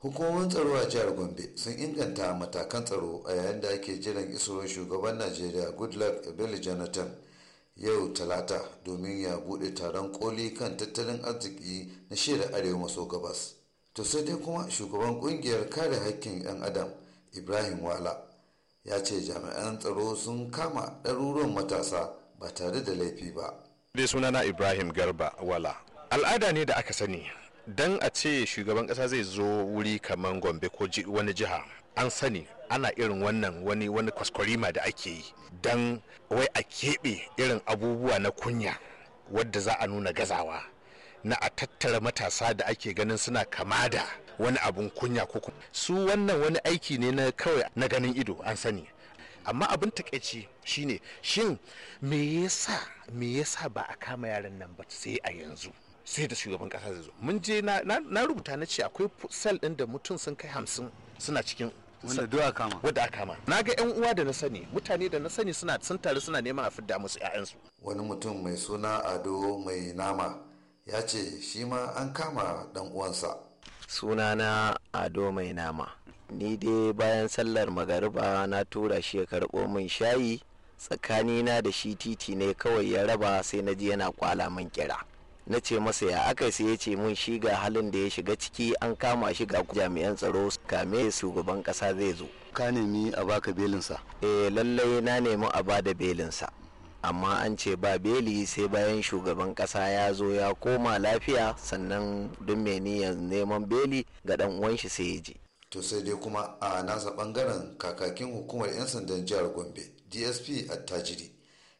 hukumomin tsaro a jihar gombe sun inganta matakan tsaro a yayin da ake jiran isowar shugaban najeriya goodluck ebele jonathan yau talata domin ya bude taron koli kan tattalin arziki na shirin arewa maso gabas to sai dai kuma shugaban kungiyar kare haƙƙin 'yan adam ibrahim wala ya ce jami'an tsaro sun kama ɗaruruwan matasa ba tare da laifi ba. sunana ibrahim garba wala al'ada ne da aka sani dan a ce shugaban kasa zai zo wuri kamar gombe ko wani jiha an sani ana irin wannan wani wani kwaskwarima da ake yi dan wai a keɓe irin abubuwa na kunya wadda za a nuna gazawa na a tattara matasa da ake ganin suna kama da wani abun kunya ko su wannan wani aiki ne na kawai na ganin ido an sani amma abin takaici shine shin me yasa me yasa ba a kama yaran nan ba sai a yanzu sai da shugaban kasa zai zo mun je na rubuta na ce akwai sel din da mutum sun kai hamsin suna cikin wanda aka kama na ga yan uwa da na sani mutane da na sani suna sun tare suna neman a fidda musu 'ya'yansu. wani mutum mai suna ado mai nama ya ce shi ma an kama dan uwansa na ado mai nama ni dai bayan sallar magariba na tura shi ya karɓo min shayi tsakanina da shi titi ne kawai ya raba sai na ji yana kwala min kira na ce masa ya aka sai ya ce mun shi ga halin da ya shiga ciki an kama shi ga jami'an tsaro kame shugaban kasa zai zo ka nemi a baka belinsa eh lallai na nemi a bada belinsa amma an ce ba beli sai bayan shugaban kasa ya zo ya koma lafiya sannan duk mai niyyar neman beli ga dan uwan shi sai ya je to sai dai kuma a nasa bangaren kakakin hukumar 'yan sandan jihar gombe dsp attajiri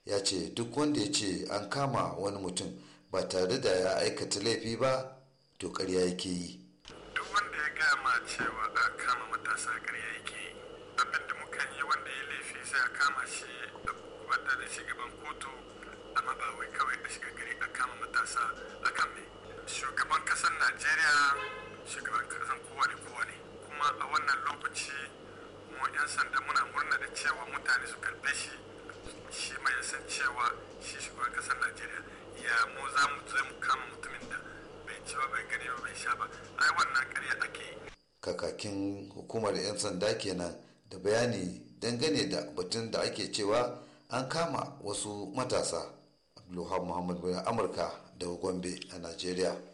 ya ce duk wanda ya ce an kama wani mutum ba tare da ya aikata laifi ba to ƙarya yake yi duk wanda ya gama cewa a kama matasa ƙarya yake yi abin da muka yi wanda ya laifi sai a kama shi a kubata da shugaban kotu amma ba wai kawai a shiga gari a kama matasa a kan me shugaban kasar najeriya shugaban kasar kowa da kowa ne kuma a wannan lokaci mu 'yan sanda muna murna da cewa mutane su karɓe shi shi ma mu za mu je mu kama mutumin da bai ci ba bai gani ba bai sha ba ai wannan ƙarya ake yi kakakin hukumar 'yan sanda kenan da bayani dangane da batun da ake cewa an kama wasu matasa abdulhamu muhammad bayan amurka daga gombe a najeriya